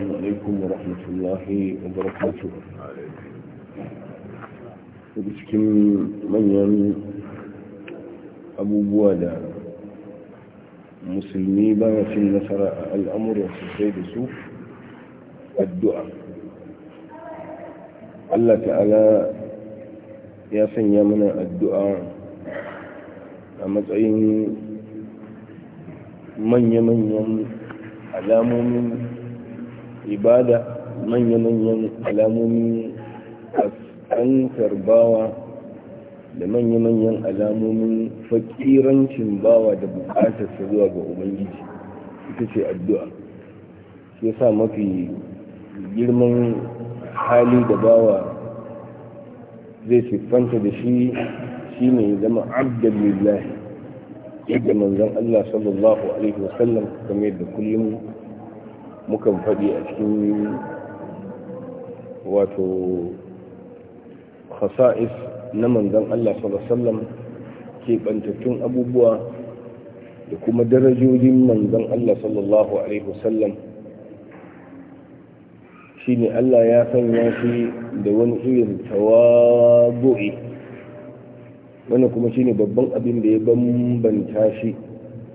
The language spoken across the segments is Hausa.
السلام عليكم ورحمة الله وبركاته وبسكم ميم أبو بوالا مسلمي بابا في النصر الأمر السيد سوف الدعاء الله تعالى يا سيامنا الدعاء أما تعين من يمن يمن على مؤمن ibada manya-manyan alamomi kaskantar bawa da manya-manyan alamomin fakirancin bawa da su zuwa ga ubangiji ita ce addu'a ya sa mafi girman hali da bawa zai siffanta da shi shi ne zama abdullahi yadda manzon Allah sallallahu alaihi wasallam kamar yadda kullum mukan faɗi a cikin wato khasa'is na manzan Allah ke bantattun abubuwa da kuma darajojin manzan Allah sallallahu alaihi wasallam shi ne Allah ya sanya shi da wani irin tawabu'i wani kuma shi ne babban abin da ya bambanta shi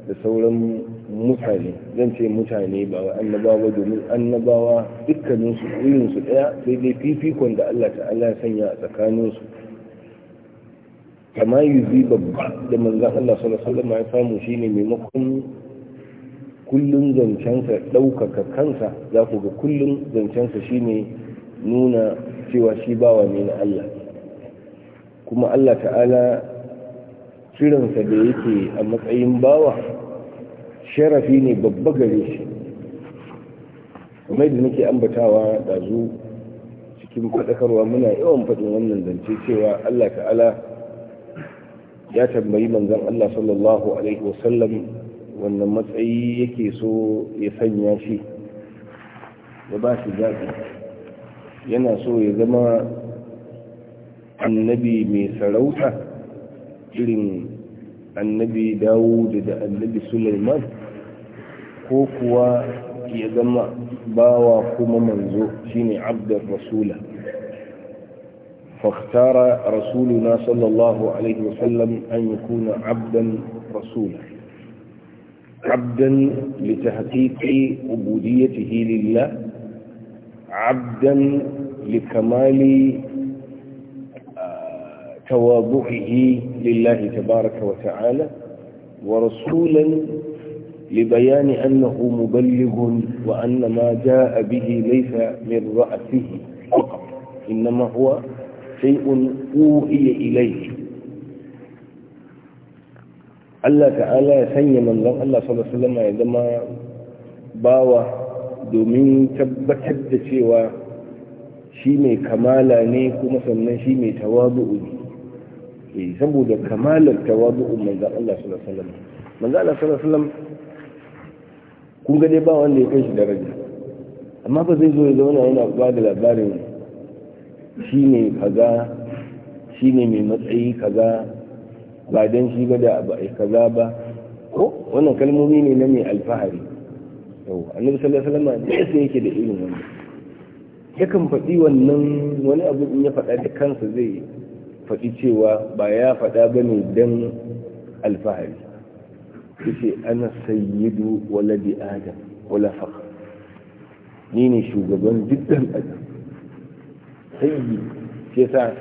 da sauran mutane zan ce mutane ba wa annabawa domin annabawa dukkaninsu irinsu ɗaya sai dai fifikon da Allah ta'ala ya sanya a tsakaninsu kama yuzi babba da manzan Allah sallallahu alaihi ya samu shine maimakon kullun zancensa ɗaukaka kansa za ku ga kullun zancensa shine nuna cewa shi bawa ne na Allah kuma Allah ta'ala kiransa da yake a matsayin bawa sharafi ne babba gare shi kuma da nake ambatawa dazu cikin faɗakarwa muna yawan faɗin wannan zance cewa Allah ta'ala ya tambayi manzon Allah sallallahu alaihi wasallam wannan matsayi yake so ya sanya shi Ya ba shi zaɓi yana so ya zama annabi mai sarauta irin annabi dawud da annabi sulaiman ko kuwa ya zama bawa kuma manzo shine abdar rasula فاختار رسولنا صلى الله عليه وسلم أن يكون عبدا رسولا عبدا لتحقيق عبوديته لله عبدا لكمال تواضعه لله تبارك وتعالى ورسولا لبيان أنه مبلغ وأن ما جاء به ليس من رأسه فقط إنما هو شيء اوحي إليه الله تعالى سيما الله صلى الله عليه وسلم عندما باوى دومين تبتد سوى شيء كمالا نيكو مثلا شيء توابعني Eh, saboda kamalar tawadu'un manzan Allah sallallahu alaihi wasallam manzan Allah sallallahu alaihi wasallam kun gane ba wanda ya kai shi daraja amma ba zai zo ya zauna yana ba da labarin shi ne kaza shi ne mai matsayi kaza ba don shi ba da kaza ba ko wannan kalmomi ne na mai alfahari yau annabi sallallahu alaihi wasallam da sai yake da irin wannan yakan faɗi wannan wani abu in ya faɗa da kansa zai faɗi cewa ba ya faɗa ba ne don alfahari Ya ce ana sayyidu waladi adam wala faqa ni ne shugaban duk ɗan adam sayyid shi yasa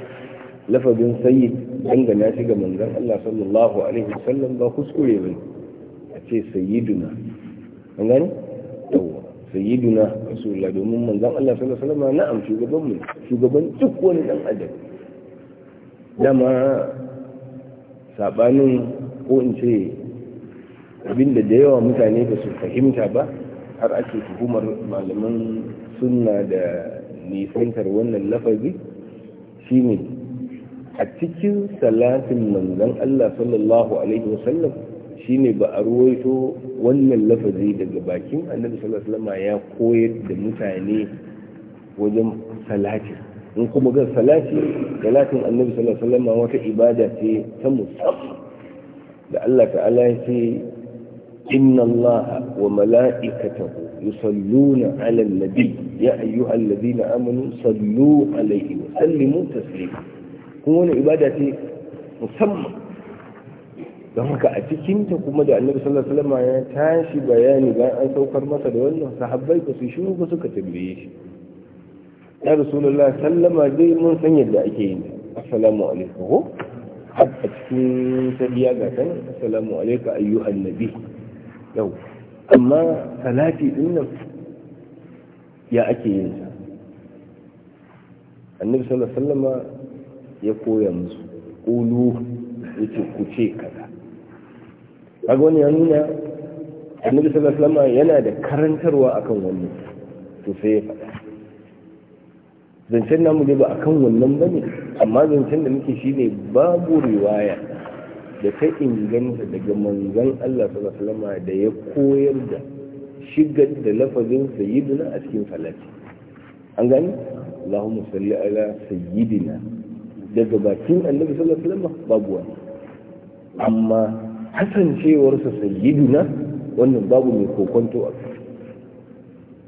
lafazin sayyid dangana shi ga manzon Allah sallallahu alaihi wasallam ba kuskure bane a ce sayyiduna an gane yawa sayyiduna rasulullah domin manzon Allah sallallahu alaihi wasallam na'am shugaban mu shugaban duk wani dan adam dama saɓanin ko in ce abinda da yawa mutane ba su fahimta ba har ake tuhumar malaman sunna da nisantar wannan lafazi shi ne a cikin salatin manzan Allah sallallahu alaihi wasallam shine ba a ruwaito wannan lafazi daga bakin annabi sallallahu alaihi wasallam ya koyar da mutane wajen salatin in kuma ga salati salatin annabi sallallahu alaihi wasallam wata ibada ce ta musamman da Allah ta'ala ya ce inna Allah wa mala'ikatahu yusalluna 'alan nabi ya ayyuhal ladina amanu sallu 'alaihi wa sallimu taslima kuma wani ibada ce musamman don haka a cikin ta kuma da annabi sallallahu alaihi wasallam ya tashi bayani bayan an saukar masa da wannan sahabbai ba su shiru ba suka tambaye shi ya rasulullah sallama dai mun san yadda ake yi assalamu alaikum ko a cikin tabiya ga kan assalamu alaikum Ayyu nabi yau amma salati din nan ya ake yin sa annabi sallallahu alaihi wasallama ya koya musu kulu yace ku ce kaza kaga wani ya nuna annabi sallallahu alaihi wasallama yana da karantarwa akan wannan to sai ya faɗa zancen namu ne ba akan wannan ba ne amma zancen da muke shi ne babu riwaya da ta inganta daga manzan Allah sallallahu da ya koyar da shigar da lafazin sayyidina a cikin salati an gani Allahumma salli ala sayyidina daga bakin annabi sallallahu alaihi wasallam babu wani amma sa sayyiduna wannan babu mai kokonto a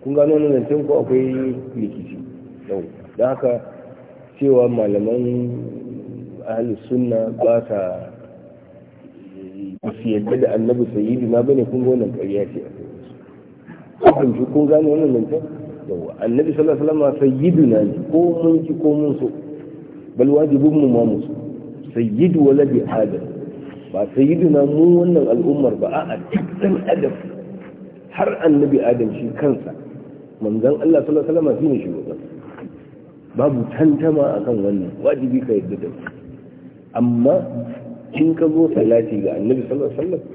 kun gano nan zancen ko akwai likici yau Da haka cewa malaman ahli sunna ba ta su yadda da annabi sayyidi na bane kun wannan ƙarya ce a kan shi kun gane wannan zancen yawa annabi sallallahu alaihi wasallam sayyidu na ne ko mun ki ko mun so bal wajibun mu ma musu sayyidu waladi adam ba sayyidu na mu wannan al'ummar ba a'a dukkan adam har annabi adam shi kansa manzon Allah sallallahu alaihi wasallam shi shugaban babu tantama akan wannan wajibi ka yadda da amma in ka zo salati ga annabi sallallahu alaihi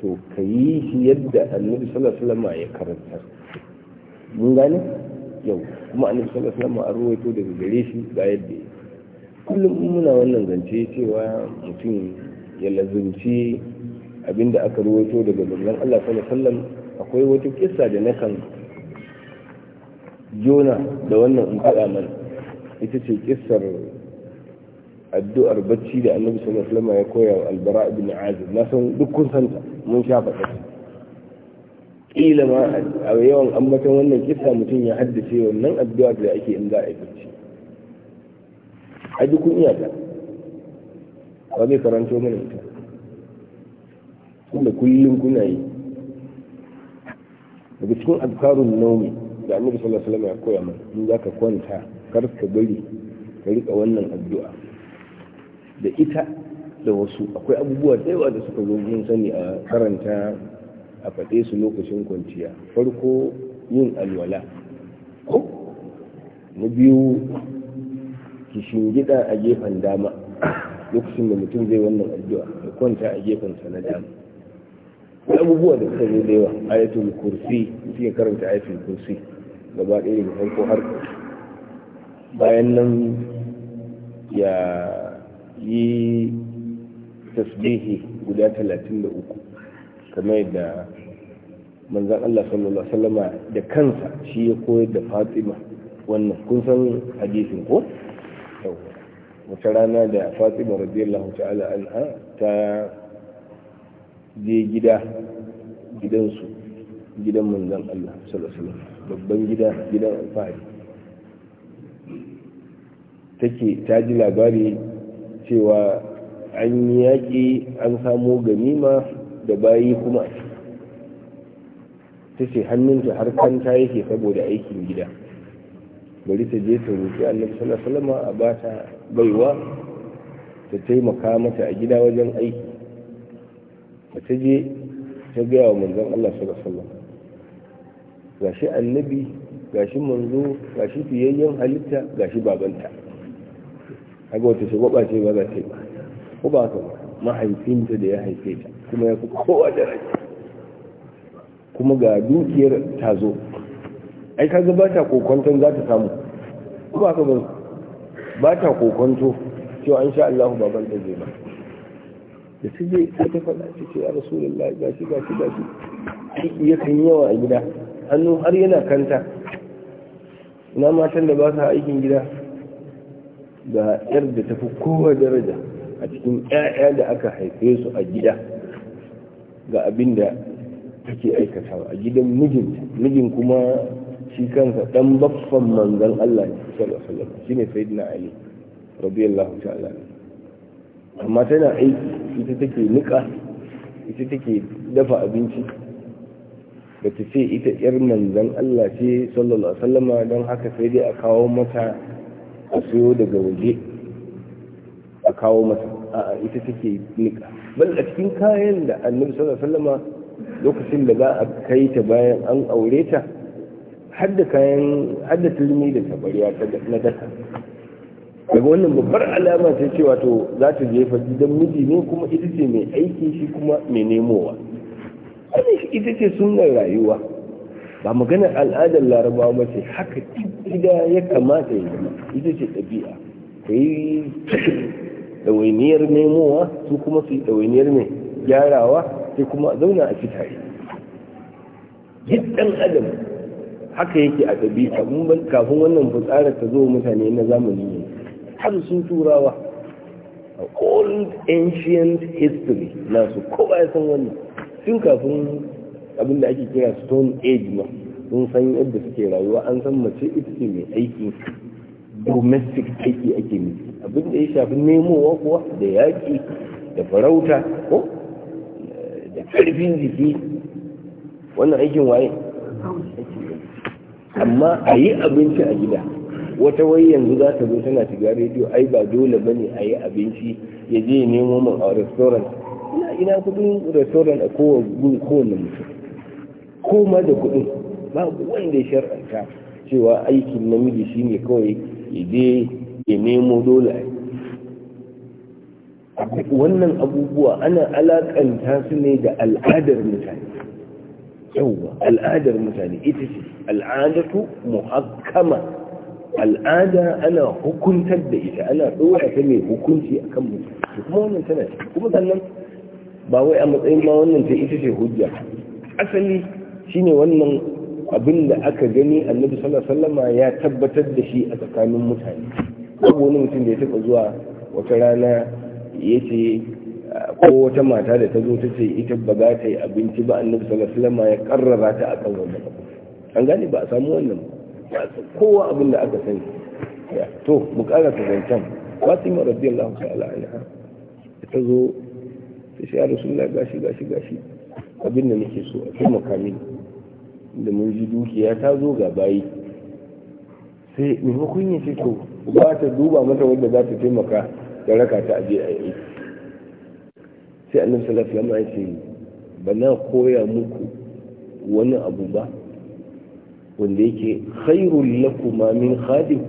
to ka yi shi yadda annabi sallallahu alaihi ya karanta mun gane yau kuma annabi sallallahu alaihi wasallam an ruwaito daga gare shi ga yadda kullum muna wannan zance cewa mutum ya lazimci abinda aka ruwaito daga manzon Allah sallallahu alaihi wasallam akwai wata kissa da nakan jona da wannan in faɗa mana ita ce kisar addu'ar bacci da annabi sallallahu alaihi ya koya wa albara ibn azib na san duk kun santa mun sha faɗa kila ma a yawan ambaton wannan kissa mutum ya haddace wannan addu'a da ake in za a yi bacci a duk kun iyaka ba zai karanto mana ita tunda kullum kuna yi daga cikin azkarun naumi da annabi sallallahu alaihi ya koya mana in za ka kwanta kar ka bari ka rika wannan addu'a da ita da wasu akwai abubuwa da yawa da suka zo mun sani a karanta a faɗe su lokacin kwanciya farko yin alwala ko na biyu ki shingida a gefen dama lokacin da mutum zai wannan addu'a da kwanta a gefen sa na dama abubuwa da suka zo da yawa ayatul kursi mutum ya karanta ayatul kursi gaba ɗaya da farko har ƙarshe bayan nan ya yi tasbihi guda talatin da uku, kamar yadda manzan Allah sallallahu Alaihi wasallama da kansa shi ya koyar da fatima wannan kun san hadisin ko? wata rana da fatima radiyallahu ta'ala anha ta je gida gidansu gidan manzan Allah sallallahu Alaihi wasallama babban gida gidan alfahari take ta ji labari cewa an yaƙi an samo ganima da bayi kuma ta ce hannunta har kanta yake saboda aikin gida bari ta je ta roƙi annabi sallallahu a ba ta baiwa ta taimaka mata a gida wajen aiki ba ta je ta gaya wa manzon Allah sallallahu alaihi gashi annabi gashi manzo gashi fiyayyen halitta gashi babanta kaga wata shagwaba ce ba za ta yi ba ko ba ka mahaifinta da ya haife ta kuma ya fi kowa da rai kuma ga dukiyar ta zo ai kaga ba ta kokonton za ta samu ko ba ka ba ta kokonto cewa an sha Allahu baban da zai ba da su je a ta faɗa ce ce ya rasulullah ga shi ga shi ga shi ya kan yawa a gida hannu har yana kanta ina matan da ba sa aikin gida ga yar da tafi kowa daraja a cikin ƴaƴa da aka haife su a gida ga abin da take aikatawa a gidan mijin mijin kuma shi kansa dan baffan manzon Allah sallallahu alaihi wasallam shine sayyidina ali radiyallahu ta'ala amma tana aiki ita take nika ita take dafa abinci da ta ce ita yar manzon Allah ce sallallahu alaihi wasallam don haka sai dai a kawo mata a siyo daga waje a kawo masa a ita take nika bal a cikin kayan da annabi sallallahu alaihi wasallama lokacin da za a kai ta bayan an aure ta har da kayan har da turmi da tabariya na daka daga wannan babbar alama ta ce wato za ta jefa gidan miji ne kuma ita ce mai aiki shi kuma mai nemowa ita ce sunan rayuwa ba maganar al'adar larabawa ba ce haka gida ya kamata ya zama ita ce ɗabi'a ta yi ɗawainiyar nemowa su kuma su yi ɗawainiyar mai gyarawa sai kuma zauna a fitare yi ɗan adam haka yake a ɗabi'a mun kafin wannan fitsarar ta zo mutane na zamani ne har sun turawa a old ancient history nasu kowa ya san wannan tun kafin abin da ake kira stone age ma sun san yadda suke rayuwa an san mace ita ce mai aiki domestic aiki ake miki abin da ya shafi nemowa kuwa da yaƙi da farauta ko da ƙarfin jiki wannan aikin waye amma a yi abinci a gida wata wai yanzu za ta zo tana shiga rediyo ai ba dole ba ne a yi abinci ya je nemo min a restaurant ina ina kudin restaurant a kowane mutum koma da kuɗin babu wanda ya shar'anta cewa aikin namiji shine kawai ya je ya nemo dole wannan abubuwa ana alakanta su ne da al'adar mutane yauwa al'adar mutane ita ce al'adatu muhakkama al'ada ana hukuntar da ita ana ɗora ta mai hukunci a kan mutane kuma wannan tana kuma sannan ba wai a matsayin ma wannan ta ita ce hujja asali shine wannan abin da aka gani annabi sallallahu alaihi wasallam ya tabbatar da shi a tsakanin mutane babu wani mutum da ya taba zuwa wata rana ya ce ko wata mata da ta zo ta ce ita ba za ta yi abinci ba annabi sallallahu alaihi wasallam ya karrara ta a kan wannan an gane ba a samu wannan ba kowa abin da aka sani to mu kara ta zancan fatima radiyallahu ta'ala anha ta zo ta shi ya rasulullah gashi gashi gashi abin da nake so a kuma mini da mun ji dukiya ta zo ga bayi sai maimakon ya ce to ba ta duba mata wanda za ta taimaka da raka ta aje a yi sai annabi sallallahu alaihi wasallam ya ce ba na koya muku wani abu ba wanda yake khairul lakuma min khadim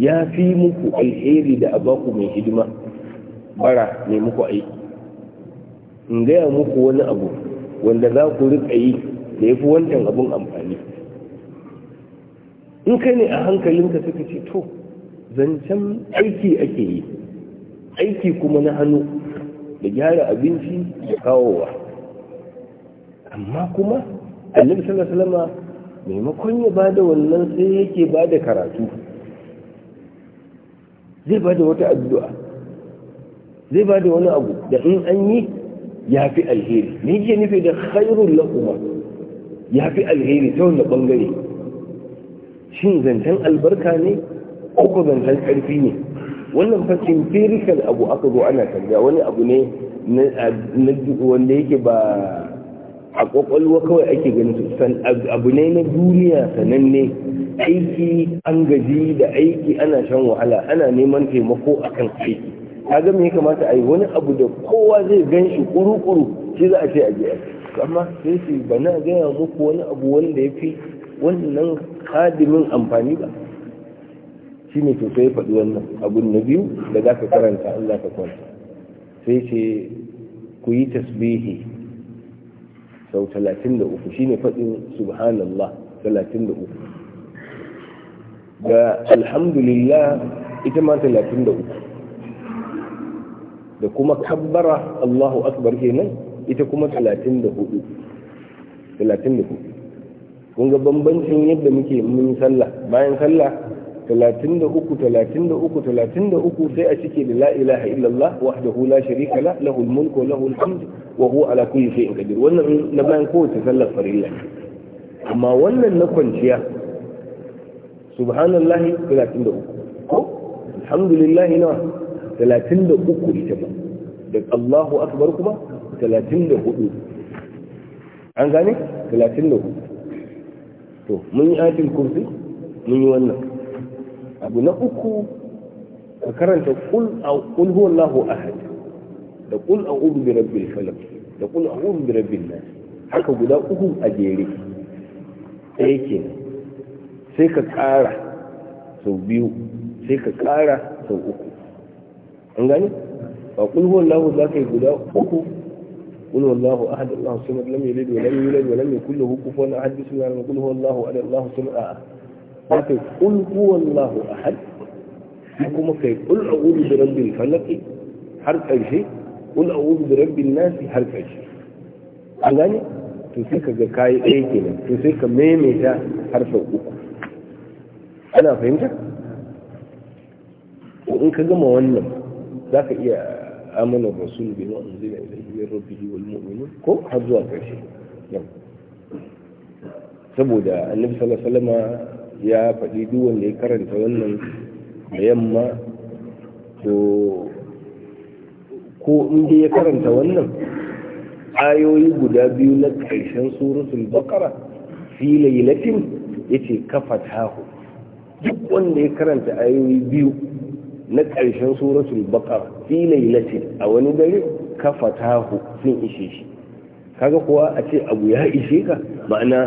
ya fi muku alheri da abaku mai hidima bara mai muku aiki in gaya muku wani abu wanda za ku riƙa yi da ya fi wancan abin amfani in kai ne a hankalinka suka ce to zancen aiki ake yi aiki kuma na hannu da gyara abinci da kawowa amma kuma annabi sallallahu alaihi maimakon ya bada wannan sai yake bada karatu zai bada wata addu'a zai bada wani abu da in an yi ya fi alheri ne yake nufi da khairul lakuma ya fi alheri ta wanda bangare shin zancen albarka ne ko ko zancen karfi ne wannan fashin firikal abu aka zo ana tarja. wani abu ne na wanda yake ba a kwakwalwa kawai ake ganin abu ne na duniya sananne aiki an gaji da aiki ana shan wahala ana neman taimako a kan aiki kaga me ya kamata a yi wani abu da kowa zai gan shi kuru-kuru shi za a ce a je amma sai su na gaya muku wani abu wanda ya fi wannan kadimin amfani ba shi ne to sai faɗi wannan abun na biyu da za ka karanta an za ka kwanta sai ce ku yi tasbihi sau talatin da uku shi ne faɗin subhanallah talatin da uku alhamdulillah ita ma uku da kuma kabbara allahu akbar kenan ita kuma 34 34 kun ga bambancin yadda muke mun sallah bayan sallah 33 33 33 sai a cike da la ilaha illallah wahdahu la sharika la lahul mulku wa lahul hamd wa huwa ala kulli shay'in qadir wannan na bayan kowace sallar farilla amma wannan na kwanciya subhanallahi 33 ko alhamdulillah nawa 33 ita ba da Allahu akbar kuma talatin da hudu an gane talatin da hudu to mun yi ayatul kursi mun yi wannan abu na uku ka karanta kul kul huwallahu ahad da kul a'udhu bi rabbil falaq da kul a'udhu bi rabbil nas haka guda uku a jere sai ke sai ka kara sau biyu sai ka kara sau uku an gane ba kul huwallahu za ka yi guda uku قل هو الله احد الله الصمد لم يلد ولم يولد ولم يكن له كفوا احد بسم الله قل هو الله احد الله الصمد آه. لكن قل هو الله احد حكم كيف قل اعوذ برب الفلق حرف اي شيء قل اعوذ برب الناس حرف اي شيء an gane to اي ka ga ميمي ɗaya kenan to sai ka maimaita harfin uku ana fahimta in آمن rasul بما أنزل إليه من ربه والمؤمنون wal mu'minun ko نعم سبودا النبي saboda الله عليه وسلم يا ya faɗi duk wanda ya karanta wannan da yamma ko inda ya karanta wannan ayoyi guda biyu na ƙarshen suratul baqara fi lailatin yace kafatahu duk wanda ya karanta ayoyi biyu na ƙarshen suratul baqar fi lailatin a wani dare ka fatahu sun ishe shi kaga kuwa a ce abu ya ishe ka ma'ana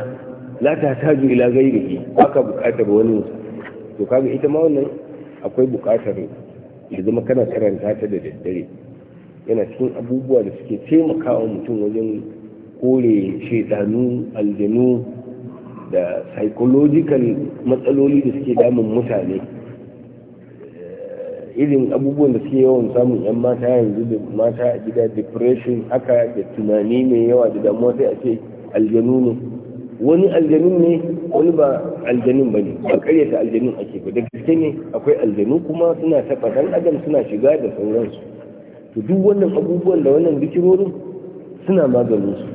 la ta taju ila gairihi baka buƙatar wani to kaga ita ma wannan akwai buƙatar ya zama kana karanta ta da daddare yana cikin abubuwa da suke taimakawa mutum wajen kore shaidanu aljanu da psychological matsaloli da suke damun mutane irin abubuwan da suke yawan samun yan mata yanzu da mata a gida depression haka da tunani mai yawa da damuwa sai a ce aljanu ne wani aljanun ne wani ba aljanun ba ne ba karyata aljanun ake ba da gaske ne akwai aljanu kuma suna taɓa ɗan adam suna shiga da sauransu to duk wannan abubuwan da wannan bikirorin suna maganin su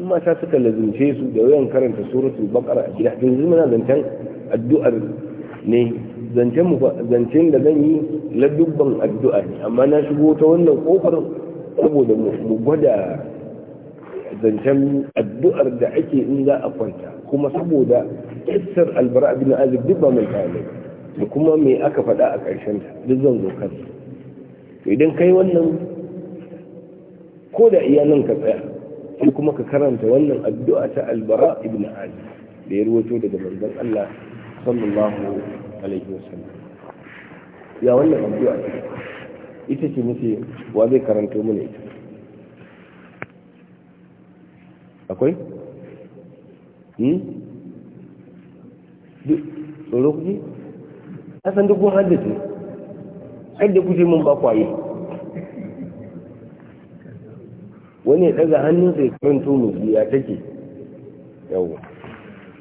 in mata suka lazumce su da wayan karanta suratul baqara a gida yanzu muna zancen addu'ar ne zancen da zan yi ladubban addu'a ne amma na shigo ta wannan kofar saboda mu gwada zancen addu'ar da ake in za a kwanta kuma saboda kissar albara bin duk ba mai tare da kuma me aka faɗa a ƙarshen ta duk zan zo kan to idan kai wannan ko da iyalan ka tsaya sai kuma ka karanta wannan addu'a ta albara ibn da ya ruwato daga manzon Allah sallallahu alaihi wasallam ya wannan addu'a ita ce muke wa zai karanto mana ita akwai hmm duk tsoro kuke asan duk kun haddace hadda kuje mun ba kwaye wani ya daga hannunsa ya karanto mu ya take yawa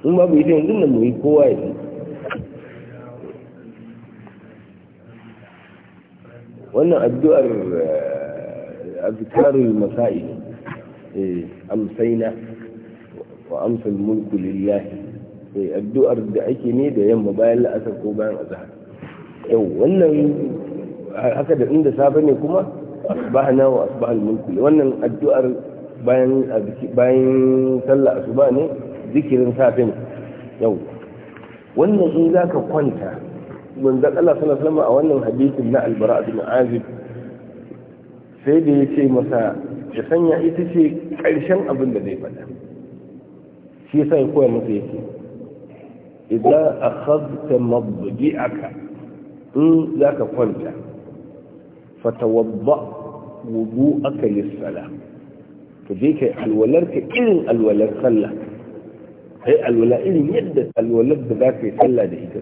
in babu ita yanzu nan mu yi kowa ya ji wannan addu'ar eh, azkarul masa'i eh, amsaina wa amsal mulku lillahi eh, addu'ar da ake ne da yamma bayan la'asar ko bayan azhar yau wannan haka da inda safe ne kuma asbahna wa asbahal mulku wannan addu'ar bayan sallah asuba ne zikirin safe ne yau wannan in za ka kwanta من ذلك الله صلى الله عليه وسلم حديث ابن البراء بن عازب سيدي يتي مساء يسن يأيتي كرشا أبن لدي فتا في سيقوى مسيحي إذا أخذت مضجئك إن ذاك قلت فتوضأ وضوءك للصلاة فديك الولد كإن الولد خلّه هي الولد إن يدت الولد ذاك صلى ذيك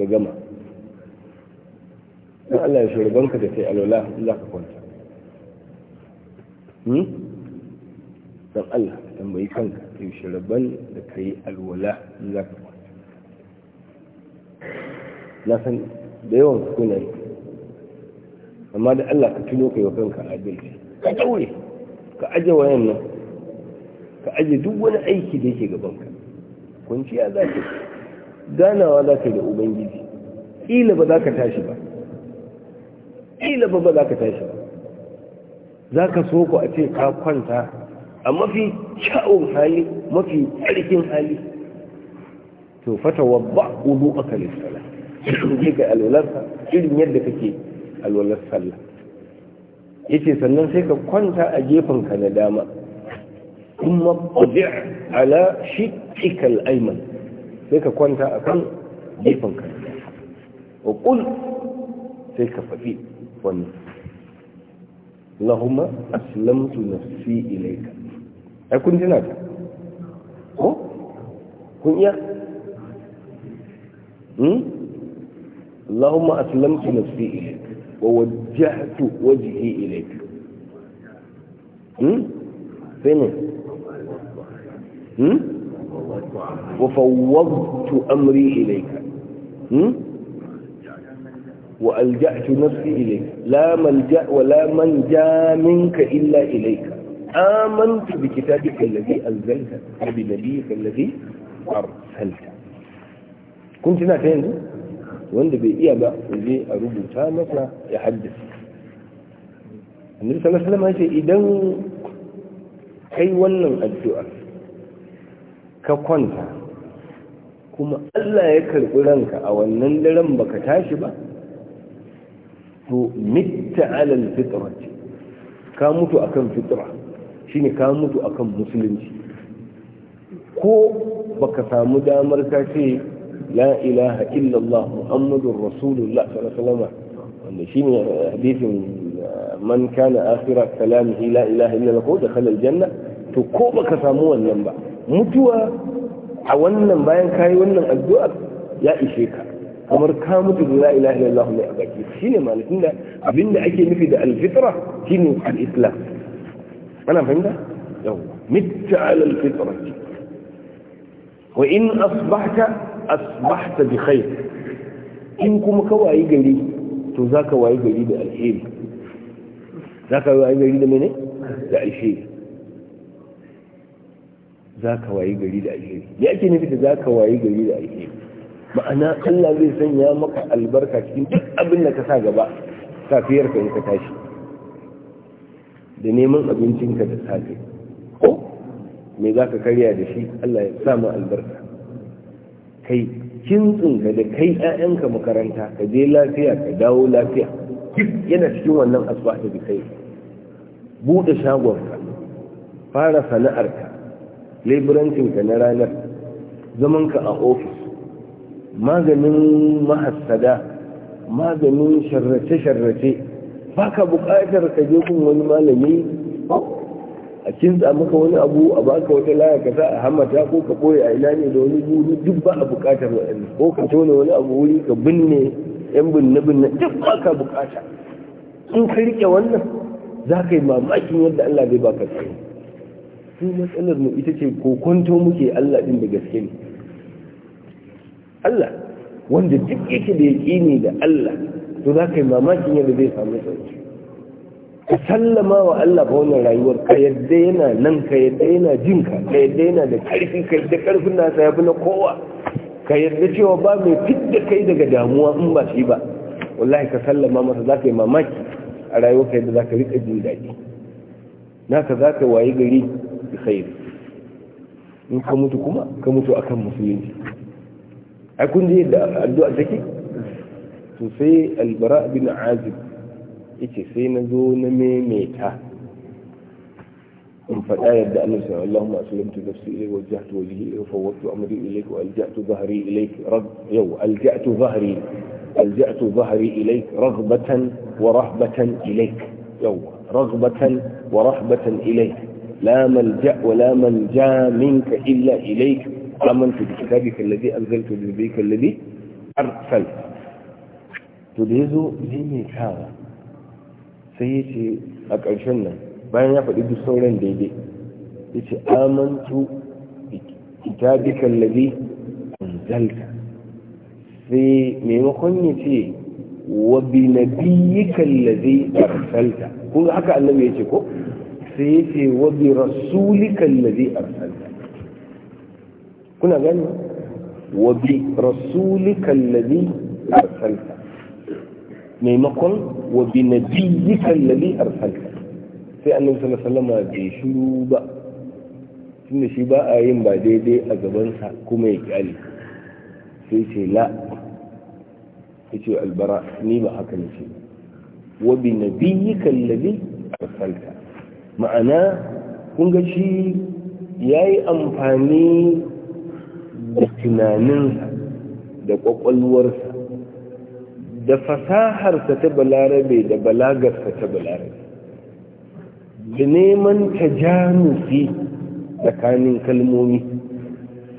ka gama don Allah ya shirban ka da a alola in za ka kwanta hmm? don Allah tambayi kanka ya shirban da ka a alwala in za ka kwanta na san da yawan kuna yi amma da Allah ka tuno ka yi wa kanka adalci ka daure ka aje wayan nan ka aje duk wani aiki da yake gabanka kwanciya za ka ganawa za ka yi da ubangiji ila ba za ka tashi ba ila ba ba za ka tashi ba za ka so ku a ce ka kwanta a mafi kyawun hali mafi ƙarfin hali to fata wa ba ulu a kalin sallah irin ga alwalarsa irin yadda kake alwalar sallah yace sannan sai ka kwanta a gefen ka na dama kuma ƙudir ala shikal ayman sai ka kwanta a kan gefen kariya ƙul sai ka faɗi wannan. lahuma aslamtu nafsi ilaika ai kun jina ta ko kun iya hmm? lahuma aslamtu nafsi ilaika wa wajahtu wajihi ilaika Fene? Hmm? ne hmm? وفوضت أمري إليك هم؟ وألجأت نفسي إليك لا ملجأ ولا من منك إلا إليك آمنت بكتابك الذي أزلت وبنبيك الذي أرسلت كنت هناك ناتين وانت بإيابة وذي أرب تامسا يحدث النبي صلى الله عليه وسلم إذن حيوانا الدؤال ka kwanta kuma Allah ya karɓi ranka a wannan daren baka tashi ba to mitta alal ka mutu akan fitra shine ka mutu akan musulunci ko baka samu damar ka ce la ilaha illallah muhammadur rasulullah sallallahu alaihi wanda shine hadisin ah, man kana akhira kalamihi la ilaha illallah ko dakhala aljanna to ko baka samu wannan ba mutuwa a wannan bayan kayi wannan addu'a ya ishe ka kamar ka mutu da la ilaha illallah ne a baki shine malikin da abinda ake nufi da alfitra shine al-islam ana fahimta yau mitta ala alfitra wa in asbahta asbahta bi khair in kuma ka wayi gari to zaka wayi gari da alheri zaka wayi gari da mene da alheri za ka wayi gari da alheri ya ake nufi da za ka wayi gari da alheri ma'ana Allah zai sanya maka albarka cikin duk abin da ka sa gaba safiyar ka in ka tashi da neman abincinka da safe ko me za ka karya da shi Allah ya sa albarka kai tsinka da kai 'ya'yanka makaranta ka je lafiya ka dawo lafiya yana cikin wannan asuwa da kai buɗe shagonka fara sana'arka leburancinka na ranar zaman ka a ofis maganin mahassada maganin sharrace-sharrace ba ka bukatar ka je kun wani malami a kinsa maka wani abu a baka wata laya ka sa a hamata ko ka koya a ina ne da wani buru duk ba a bukatar waɗanda ko ka tone wani abu wuri ka binne yan binne-binne duk ba ka bukata in ka riƙe wannan za ka yi mamakin yadda Allah bai baka tsaye su matsalar mu ita ce kokonto muke Allah din da gaske ne Allah wanda duk yake da ne da Allah to za ka yi mamakin yadda zai samu sauci ka sallama wa Allah ba wannan rayuwar ka yadda yana nan ka yadda yana jin ka ka yadda yana da ƙarfi ka yadda ƙarfin nasa ya fi na kowa ka yarda cewa ba mai fidda kai daga damuwa in ba shi ba wallahi ka sallama masa za ka yi mamaki a rayuwar ka yadda za ka riƙa jin daɗi naka za ka wayi gari خير ان كموتكما كموتو اكم مسلمين اكون دي الدعاء ذكي سي البراء بن عازب ايتي سي نزو نميميتا ان فدا يبدا الله اللهم اسلمت نفسي اليك وجهت وجهي وفوضت امري اليك والجات ظهري اليك رب يو الجات ظهري الجات ظهري اليك رغبه ورهبه اليك يو رغبه ورهبه اليك لا ملجأ ولا منجا منك إلا إليك آمنت بكتابك الذي أنزلت بنبيك الذي أرسلت تدهزو جيمي كاوا سيتي أكعشنا bayan ya faɗi duk sauran daidai ya ce amantu kitabikan labi anzalta sai maimakon ya ce wa bi nabiyikan labi arsalta kun haka annabi ya ce ko سيف وبرسولك الذي ارسلته كنا قال وبرسولك الذي ارسلته نيمقل وبنبيك الذي ارسلته في ان صلى الله عليه وسلم شيء بقى ايام بعدين اجبنها كما يقال في شيء لا يقول البراء نيمة حكا وبنبيك الذي أرسلته ma'ana kun shi ya yi amfani da tunaninsa da ƙwaƙwalwarsa da fasaharsa ta balarabe da balagarsa ta balarabe da neman tajanusi tsakanin kalmomi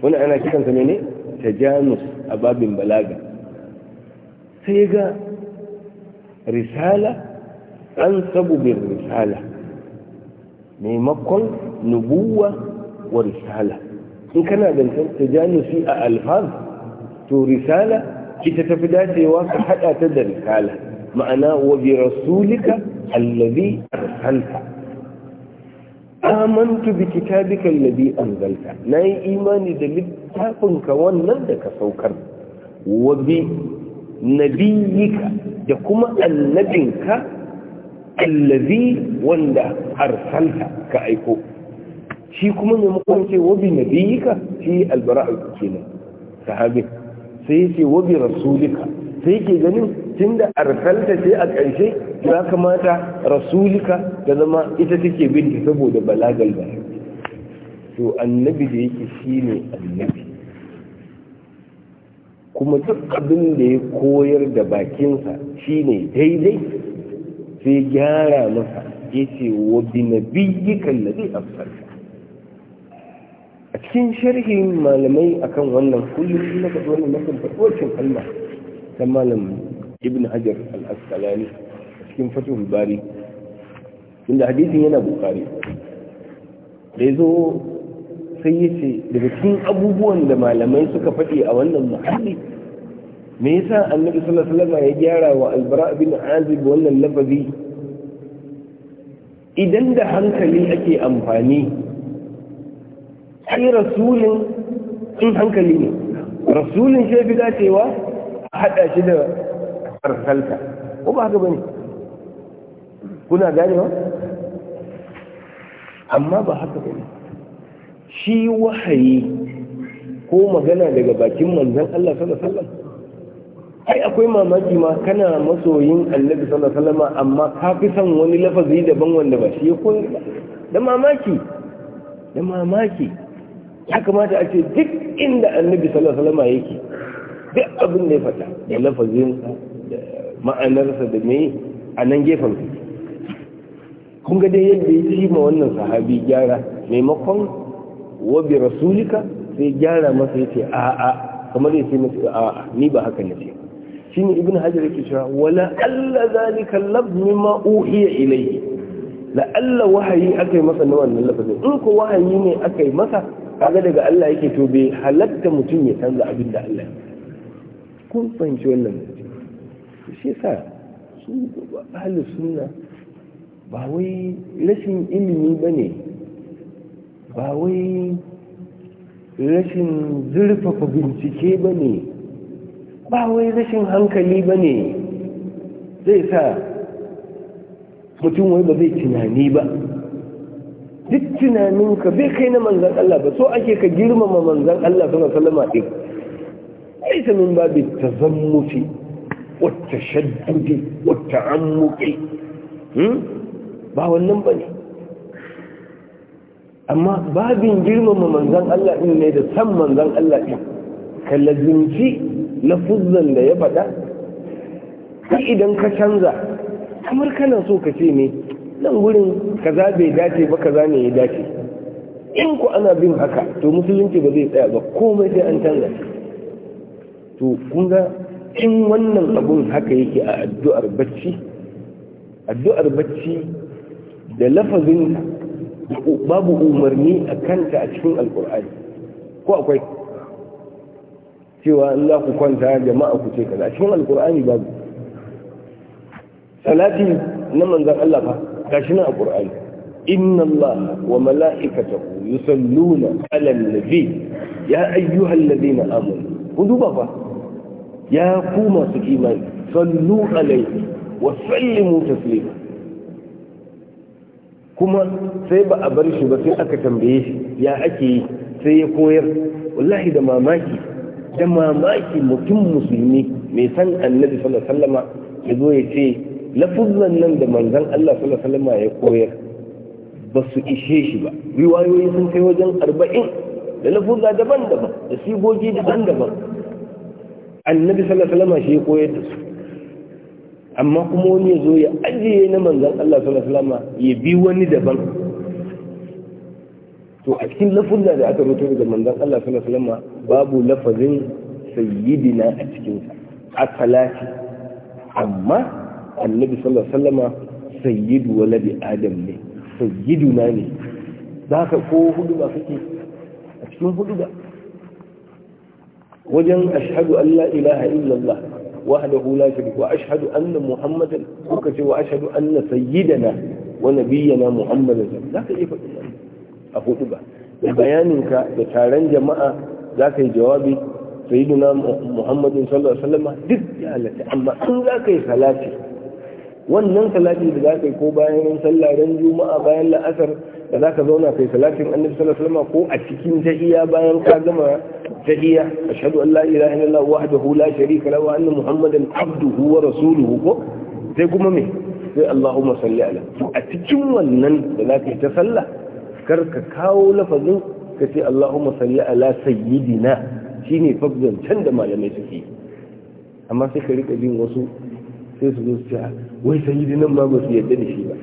wani ana kiransa ne tajanus a babin balaga sai ga risala an sabu risala maimakon nubuwa wa risala in kana zancen tajanusi a alfaz to risala ita tafi dacewa ka haɗa ta da risala ma'ana wa bi rasulika allazi arsalta amantu bi kitabika allazi anzalta nayi imani da littafinka wannan da ka saukar wa bi nabiyika da kuma annabinka allazi wanda arsalta ka aiko shi kuma ne mukan wabi nabiyika shi albara'u kenan sahabi sai yake wabi rasulika sai yake ganin tunda arsalta sai a ƙarshe ya kamata rasulika ta zama ita take binta saboda balagal ba to annabi da yake shine annabi kuma duk abin da ya koyar da bakinsa shine daidai sai gyara masa ya ce wa binabiyyikan ladhi arsalta a cikin sharhin malamai akan wannan kullum na faɗi wannan masu faɗi Allah kalma ta malam ibn hajar al-asqalani a cikin fatul bari inda hadisin yana bukari da ya zo sai ya ce daga cikin abubuwan da malamai suka faɗi a wannan muhalli me yasa annabi sallallahu alaihi wasallam ya gyara wa albara bin azib wannan lafazi idan da hankali ake amfani ai rasulin in hankali ne rasulin shi fi dacewa a haɗa shi da harsalta ko ba haka bane kuna gane ba amma ba haka bane shi wahayi ko magana daga bakin manzon Allah sallallahu alaihi wasallam ai akwai mamaki ma kana masoyin annabi sallallahu alaihi wasallam amma ka fi son wani lafazi daban wanda ba shi ko da mamaki da mamaki ya kamata a ce duk inda annabi sallallahu alaihi wasallam yake duk abin da ya fata da lafazin da ma'anarsa da me a nan gefen kun ga dai yadda ya ci ma wannan sahabi gyara maimakon wa bi rasulika sai gyara masa yace a'a kamar ya ce masa a'a ni ba haka nace shine ibn hajar yake cewa wala alla zalika lab mimma uhiya ilayhi la alla wahayi akai masa na wannan lafazin in ko wahayi ne akai masa kaga daga Allah yake to bai halatta mutum ya canza abin da Allah kun fahimci wannan shi yasa su ahlus sunna ba wai rashin ilimi bane ba wai rashin zurfafa bincike bane ba wai rashin hankali ba ne zai sa mutum wai ba zai tunani ba duk tunaninka bai kai na manzan Allah ba so ake ka girmama manzan Allah suna salama ɗin laisa min zan tazammufi wata shaddudi wata ammuki hmm? ba wannan ba ne amma babin girmama manzan Allah ɗin ne da san manzan Allah ɗin ka lazimci fuzzan da ya faɗa sai idan ka canza kamar kana so ka ce ne nan gurin kaza bai dace ba kaza ne ya dace in ku ana bin haka to musulunci ba zai tsaya ba komai sai an canza to kun ga in wannan abun haka yake a addu'ar bacci addu'ar bacci da lafazin babu umarni a kanta a cikin alkur'ani ko akwai cewa in za ku kwanta jama'a ku ce kaza cikin alkur'ani babu salati na manzan Allah fa gashi nan a inna Allah wa mala'ikatahu yusalluna 'alan nabi ya ayyuhalladhina amanu ku duba fa ya ku masu imani sallu alaihi wa sallimu taslima kuma sai ba a bar shi ba sai aka tambaye shi ya ake yi sai ya koyar wallahi da mamaki da mamaki mutum musulmi mai san annabi sallallahu ya zo ya ce lafuzan nan da manzan Allah sallallahu ya koyar ba su ishe shi ba riwayoyi sun kai wajen arba'in da lafuzza daban-daban da sigogi daban-daban annabi sallallahu shi ya koyar da su amma kuma wani ya zo ya ajiye na manzan Allah sallallahu ya bi wani daban to a cikin lafuzza da aka rubuta daga manzon Allah sallallahu alaihi wasallam babu lafazin sayyidina a cikin sa asalati amma annabi sallallahu alaihi wasallam sayyidu waladi adam ne sayyiduna ne zaka ko hudu ba kake a cikin hudu ba wajen ashhadu an la ilaha illallah wahdahu la sharika wa ashhadu anna muhammadan kuka ce wa ashhadu anna sayyidana wa nabiyyana muhammadan zaka iya faɗi a hudu ba da bayaninka da taron jama'a za ka yi jawabi sayyiduna muhammadin sallallahu alaihi wasallam duk ya halatta amma in za ka yi salati wannan salati da za ka yi ko bayan sallah ran juma'a bayan la'asar da za ka zauna kai salatin annabi sallallahu alaihi wasallam ko a cikin jahiya bayan ka gama tahiyya ashhadu an la ilaha illallah wahdahu la sharika lahu wa anna muhammadan abduhu wa rasuluhu ko sai kuma me sai allahumma salli ala a cikin wannan da za ka yi ta sallah kar ka kawo lafazin ka ce Allahumma salli ala sayyidina shine fabzan can da malamai suke amma sai ka rika jin wasu sai su zo su ce wai sayyidinan ma ba su yadda da shi ba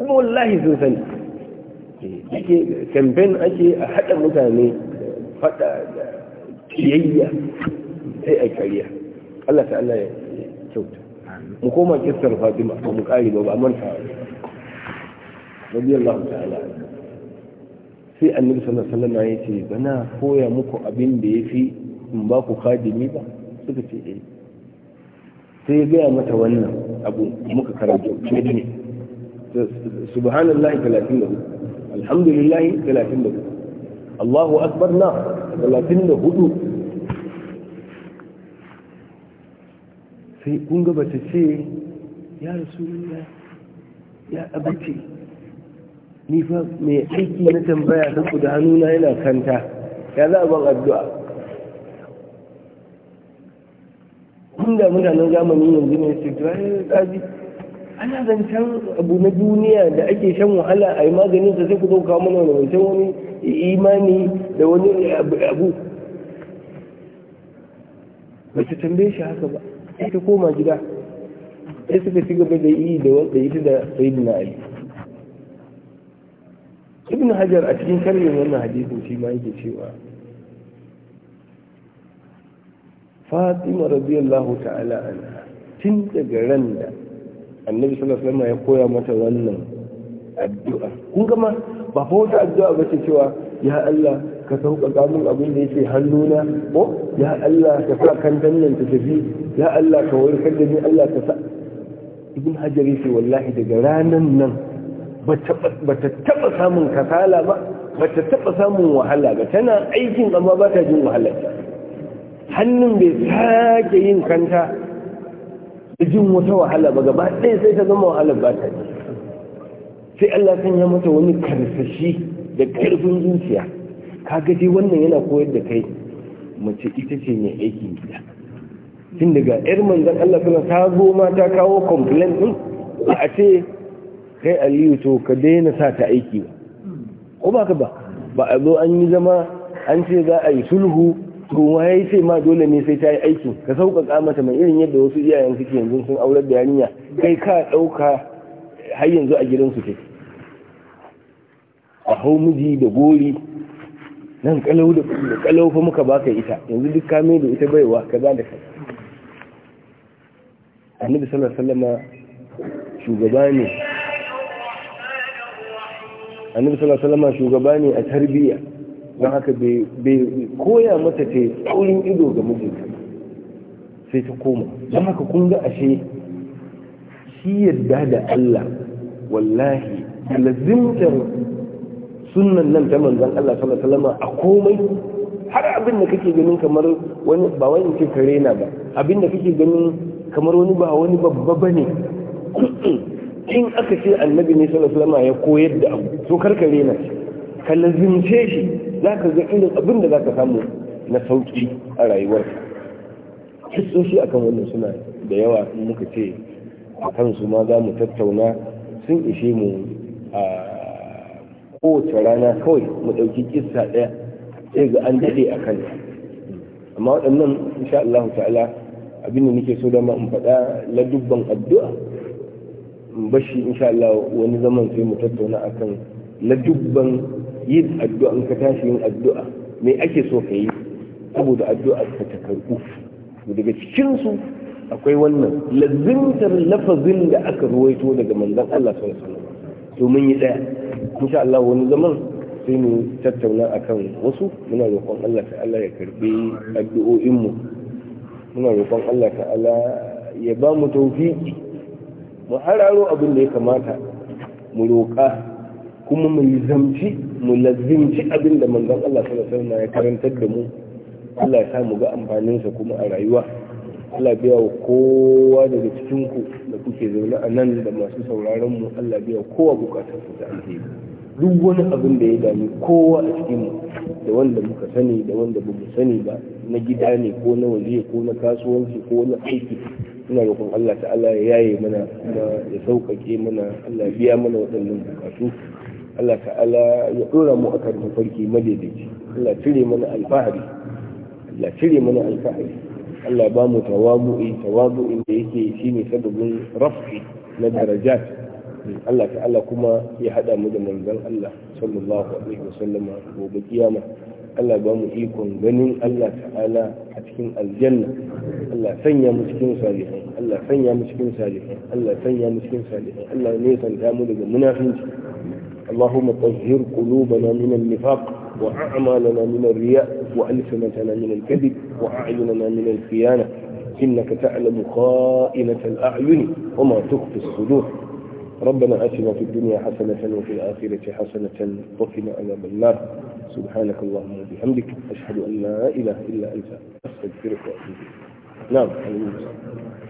kuma wallahi sun sani eh, ake kamfen ake a haɗa mutane faɗa kiyayya sai a kariya Allah ta Allah ya kyauta mu koma kistar Fatima ba mu kare ba ba manta Allah ta'ala sai annabi sallallahu alaihi wasallam ya ce bana koya muku abin da fi in ba ku kadimi ba suka ce eh sai ya gaya mata wannan abu muka karanta ce ne subhanallahi 34 alhamdulillahi 34 Allahu akbar na 34 sai kun ga bata ce ya rasulullah ya abace ni fa mai aiki na tambaya da hannuna yana kanta ya za a ban addu'a inda mutanen zamani yanzu ne su to ai ana zancen abu na duniya da ake shan wahala a yi maganin sa sai ku zo kawo mana wani wancan wani imani da wani abu ba ta tambaye shi haka ba ita koma gida sai suka ci gaba da yi da wanda ita da sayyidina ali ibn hajar a cikin karyar wannan hadisin shi ma yake cewa fatima radiyallahu ta'ala anha tun daga ran da annabi sallallahu alaihi wasallam ya koya mata wannan addu'a kun ga ma ba fa wata addu'a ba ce cewa ya Allah ka sauƙaƙa min abin da yake hannuna ko ya Allah ka sa kan dannan ta tafi ya Allah ka warkar da ni Allah ka sa ibn hajar yace wallahi daga ranan nan bata taba samun kasala ba bata taba samun wahala ba tana aikin amma ba ta jin wahala hannun bai sake yin kanta da jin wata wahala ba gaba ɗaya sai ta zama wahala ba ta sai Allah kan ya mata wani karsashi da karfin zuciya Ka gaje wannan yana koyar da kai mace ita ce mai aikin gida tun daga yar zan Allah kuma ta zo ta kawo complaint ɗin ba a ce kai aliyu to ka daina sa ta aiki ba ko ba ka ba ba a zo an yi zama an ce za a yi sulhu to ya sai ma dole ne sai ta yi aiki ka sauƙaƙa mata mai irin yadda wasu iyayen suke yanzu sun aurar da yarinya kai ka ɗauka har yanzu a gidansu ke a hau miji da gori nan kalau da kalau fa muka baka ita yanzu duk kame da ita baiwa kaza da kai. annabi sallallahu alaihi wasallama shugaba ne annabi sallallahu alaihi wasallam shugaba ne a tarbiyya don haka bai koya mata ta tsaurin ido ga mijinta sai ta koma don haka kun ga ashe shi yadda da Allah wallahi lazimtar sunan nan ta manzan Allah sallallahu alaihi wasallam a komai har abin da kake ganin kamar wani ba wani ce karena ba abin da kake ganin kamar wani ba wani babba bane in aka ce annabi ne sallallahu alaihi ya koyar da abu to karkare na ka lazimce shi zaka ga irin abin da zaka samu na sauki a rayuwarka kisoshi akan wannan suna da yawa in muka ce a kansu ma za mu tattauna sun ishe mu a kowace rana kawai mu ɗauki kissa ɗaya sai ga an daɗe a kan amma waɗannan insha Allah ta'ala abin da nake so dama in faɗa ladubban addu'a bashi insha Allah wani zaman sai mu tattauna akan na dubban yin addu'a in ka tashi yin addu'a me ake so ka yi saboda addu'a ka ta karbu daga cikin su akwai wannan lazimtar lafazin da aka ruwaito daga manzon Allah sallallahu alaihi wasallam to mun yi daya insha Allah wani zaman sai mu tattauna akan wasu muna roƙon Allah ta'ala ya karbi addu'o'in mu muna roƙon Allah ta'ala ya ba mu tawfiqi mu hararo abin da ya kamata mu roƙa kuma mu zamci mu lazimci abin da manzan Allah sallallahu alaihi ya karantar da mu Allah ya sa mu ga amfanin sa kuma a rayuwa Allah biya wa kowa daga cikin ku da kuke zaune a nan da masu sauraron mu Allah biya wa kowa bukatar su ta alheri duk wani abin da ya dami kowa a cikin mu da wanda muka sani da wanda ba mu sani ba na gida ne ko na waje ko na kasuwanci ko na aiki ina roƙon Allah ta'ala ya yaye mana kuma ya sauƙaƙe mana Allah biya mana waɗannan bukatu Allah ta'ala ya ɗora mu akan mafarki madaidaici Allah cire mana alfahari Allah cire mana alfahari Allah ba mu tawabu'i tawabu'in da yake shine sababin rafi na darajat Allah ta'ala kuma ya haɗa mu da manzon Allah sallallahu alaihi wasallama gobe kiyama Allah ba mu ikon ganin Allah ta'ala a cikin aljanna Allah sanya mu cikin salihai Allah sanya mu cikin salihai Allah sanya mu cikin salihai Allah ne santa mu daga munafinci اللهم طهر قلوبنا من النفاق وأعمالنا من الرياء وألسنتنا من الكذب وأعيننا من الخيانة إنك تعلم خائنة الأعين وما تخفي الصدور ربنا أتنا في الدنيا حسنة وفي الآخرة حسنة وقنا عذاب النار سبحانك اللهم وبحمدك أشهد أن لا إله إلا أنت أستغفرك وأتوب إليك نعم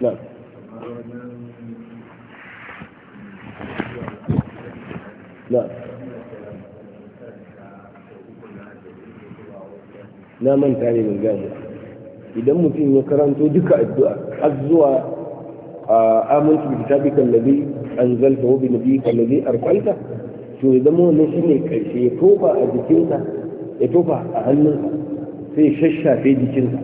نعم نعم na manta ne mai gamu idan mutum ya karanto duka addu'a har zuwa a amintu bi kitabika allazi anzalta wa bi nabiyyika allazi arsalta to ya zama wannan shi ne ƙarshe ya tofa a jikinsa ya tofa a hannunsa sai shashafe jikinsa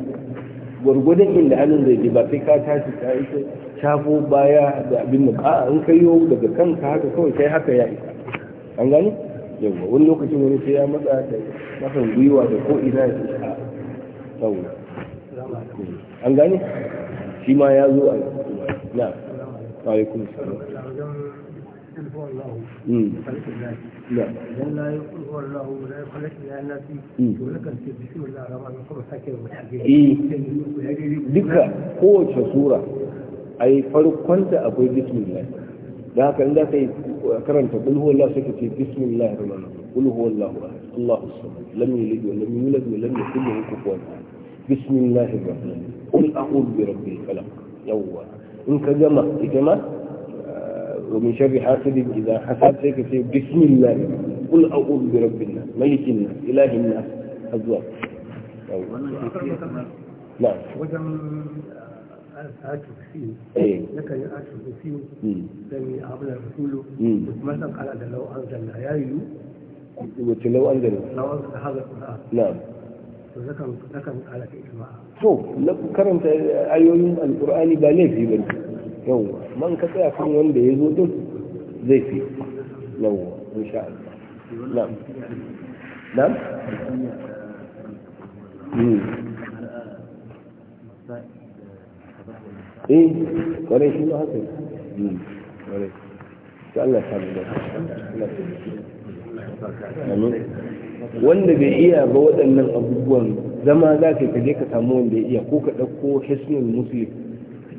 gwargwadon inda hannun zai je ba sai ka tashi ka yi shafo baya da abin da a'a an kai yau daga kanka haka kawai sai haka ya isa an gani yawa wani lokacin wani sai ya matsa da masan gwiwa da ko ina ya isa yawa an gani shi ma ya zo a na alaikum salam الله خلق لا يقول هو الله يخلق الله الرحمن الرحيم duka kowace sura a yi farkonta akwai da haka ka yi karanta kulhu Allah sai ka ce bismillah rahman kulhu Allahu samad lam yalid wa lam yulad wa lam yakul lahu kufuwan bismillahir rahman qul a'udhu bi rabbil falaq yawwa in ka gama ita ومن شر حاسد إذا حسد هيك بسم الله قل أقول برب الناس ميت الناس إله الناس أزواج نعم وجم أكل فيه لك أكل فيه لأني أعمل الرسول مثلا قال أن لو أنزلنا يا يو لو أنزلنا لو أنزلنا هذا القرآن نعم فذكر ذكر على إجماع شوف لك كرمت أيوم القرآن بليفي بليفي yawwa man ka tsaya kan wanda ya zo din zai fi yawwa insha Allah na'am na'am hmm. eh kwarai shi ma haka hmm, kwarai shi Allah ta wanda bai iya ba waɗannan abubuwan zama za ka je ka samu wanda ya iya ko ka ɗauko hisnul muslim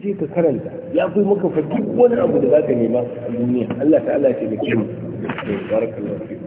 je ka karanta ya fi maka fa duk wani abu da za ka nema a duniya Allah ta'ala ya da mu barakallahu